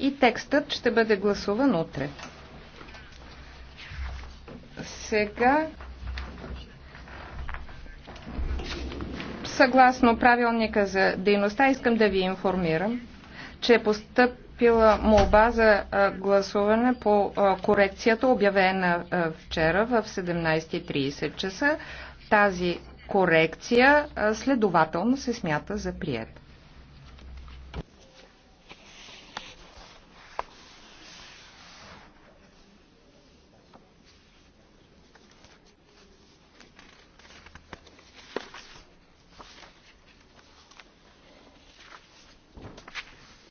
и текстът ще бъде гласуван утре. Сега, съгласно правилника за дейността, искам да ви информирам, че е постъпила молба за гласуване по корекцията, обявена вчера в 17.30 часа. Тази корекция следователно се смята за прият.